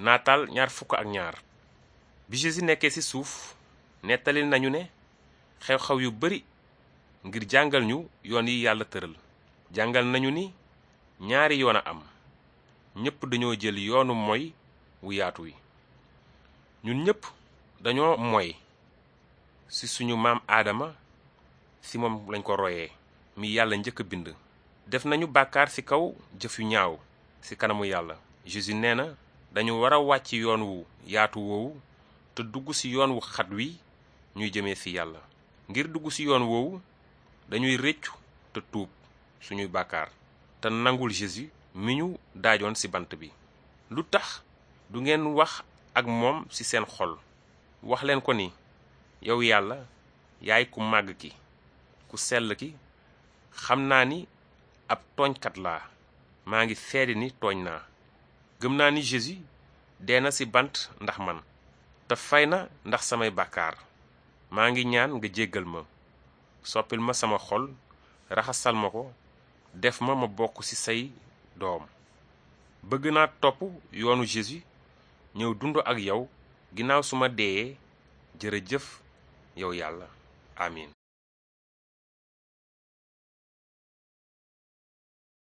nataal ñaar ak ñaar bi Jésus nekkee ci suuf nettali nañu ne xew-xew yu bari ngir jàngal ñu yoon yi yàlla tëral jàngal nañu ni ñaari yoon a am ñépp dañoo jël yoonu moy wu yaatu wi ñun ñépp dañoo moy ci suñu maam aadama ci moom lañ ko royee mi yàlla njëkk a bind def nañu bàkkaar ci kaw jëf yu ñaaw ci kanamu yàlla Jésus nee na dañu war a wàcc yoon wu yaatu woowu te dugg ci yoon wu xat wi ñuy jëme ci yàlla ngir dugg ci yoon woowu dañuy rëccu te tuub suñuy bàkkaar te nangul Jésus mi ñu daajoon ci bant bi lu tax du ngeen wax ak moom ci seen xol waxleen ko ni yow yàlla yaay ku màgg ki ku sell ki xam naa ni ab tooñkat laa maa ngi seede ni tooñ naa gëm naa ni Jésus dee na ci bant ndax man te fay na ndax samay bàkkaar maa ngi ñaan nga jéggal ma soppil ma sama xol raxasal ma ko def ma ma bokk ci say doom bëgg naa topp yoonu Jésus ñëw dund ak yow ginnaaw su ma deeyee jëf yow yàlla amin